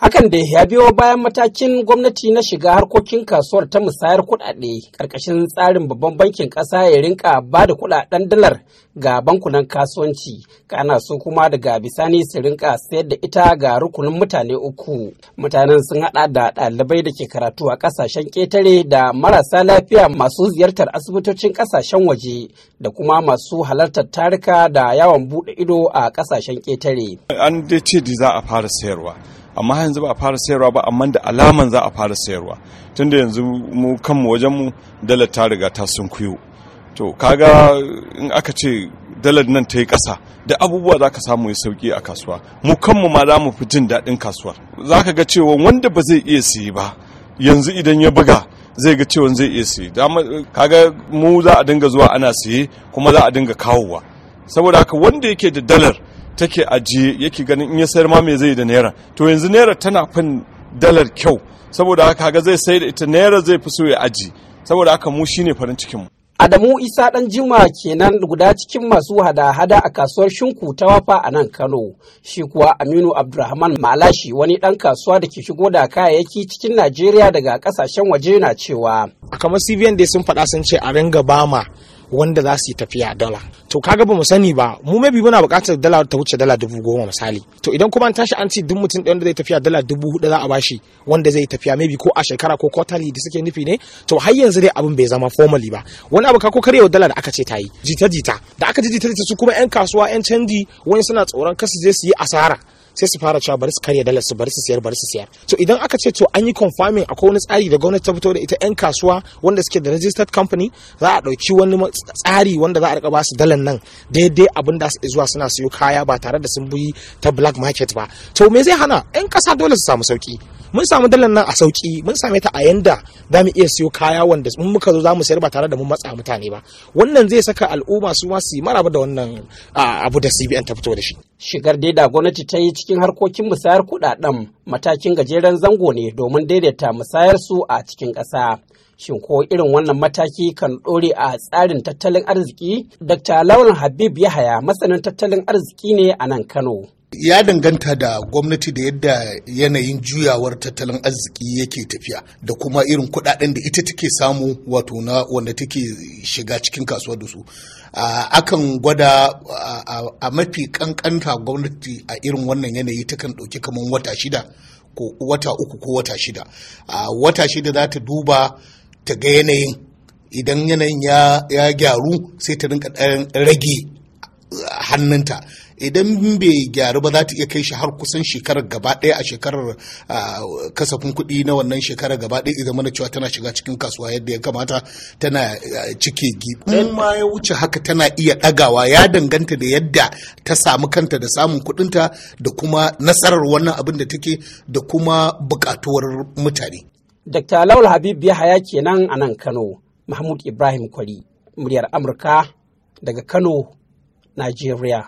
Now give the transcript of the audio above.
Hakan da ya biyo bayan matakin gwamnati na shiga harkokin kasuwar ta musayar kudade karkashin tsarin babban bankin kasa ya rinka ba da kuɗaɗen dalar ga bankunan kasuwanci kana su kuma daga bisani su rinka sayar da ita ga rukunin mutane uku. Mutanen sun hada da dalibai da ke karatu a kasashen ketare da marasa lafiya masu ziyartar asibitocin kasashen waje da kuma masu halartar tarika da yawon bude ido a kasashen ketare. An dace da za a fara sayarwa. amma yanzu ba a fara sayarwa ba amma da alaman za a fara sayarwa tunda yanzu mu kanmu wajen mu dalar ta riga ta sun kuyo to kaga in aka ce dalar nan ta yi ƙasa da abubuwa za ka samu ya sauƙi a kasuwa mu kanmu ma za mu fi jin daɗin kasuwar za ka ga cewa wanda ba zai iya siyi ba yanzu idan ya buga zai ga cewa zai iya siye kaga mu za a dinga zuwa ana siye kuma za a dinga kawowa saboda haka wanda yake da dalar take ajiye yake ganin in ya sayar ma me zai da naira to yanzu naira tana fin dalar kyau saboda haka ga zai sayar da ita naira zai fi so ya aji saboda haka mu shine farin cikin mu Adamu Isa ɗan Juma kenan guda cikin masu hada-hada a kasuwar Shinku ta Wafa a nan Kano. Shi kuwa Aminu Abdurrahman Malashi wani ɗan kasuwa da ke shigo da kayayyaki cikin Najeriya daga kasashen waje na cewa. kamar CVN dai sun faɗa sun ce a ringa bama wanda za su yi tafiya dala to kaga ba mu sani ba mu maybe muna buƙatar dala ta wuce dala dubu goma misali to idan kuma an tashi an ce duk mutum ɗaya wanda zai tafiya dala dubu hudu za a bashi wanda zai tafiya maybe ko a shekara ko quarterly da suke nufi ne to har yanzu dai abin bai zama formally ba wani abu ka ko karyawa dala da aka ce ta yi jita jita da aka ji jita jita su kuma yan kasuwa yan canji wani suna tsoron kasu je su yi asara sai su fara cewa bari su karya dalar su bari su siyar bari su siyar To idan aka ce to an yi confirming akwai wani tsari da gwamnati ta fito da ita yan kasuwa wanda suke da registered company za a dauki wani tsari wanda za a rika ba su dalar nan daidai abin da zuwa suna siyo kaya ba tare da sun bi ta black market ba to me zai hana yan kasa dole su samu sauki mun samu dalar nan a sauki mun same ta a yanda za mu iya siyo kaya wanda mun muka zo za mu sayar ba tare da mun matsa mutane ba wannan zai saka al'umma su ma su yi maraba da wannan abu da cbn ta fito da shi Shigar da gwamnati ta yi cikin harkokin musayar kuɗaɗen matakin gajeren zango ne domin daidaita musayar su a cikin ƙasa. Shin ko irin wannan mataki kan ɗore a tsarin tattalin arziki? Dr. Lawan Habib Yahaya masanin tattalin arziki ne a nan Kano. ya danganta da gwamnati da yadda yanayin juyawar tattalin arziki yake tafiya da kuma irin kudaden da ita take samu wato na wanda take shiga cikin kasuwa da su akan gwada a mafi kankanta gwamnati a irin wannan yanayi takan ɗauki kamar wata shida ko wata uku ko wata shida a wata shida za ta duba ta ga yanayin idan yanayin ya gyaru sai ta rinka rage hannunta idan bai gyaru ba za ta iya kai shi har kusan shekarar gaba ɗaya a shekarar kasafin kuɗi na wannan shekarar gaba ɗaya idan mana cewa tana shiga cikin kasuwa yadda ya kamata tana cike gi in ma ya wuce haka tana iya ɗagawa ya danganta da yadda ta samu kanta da samun kuɗinta da kuma nasarar wannan abin da take da kuma buƙatuwar mutane. Dr. Lawal Habib Yahaya kenan a nan Kano, Mahmud Ibrahim Kwari, muryar Amurka daga Kano, Nigeria.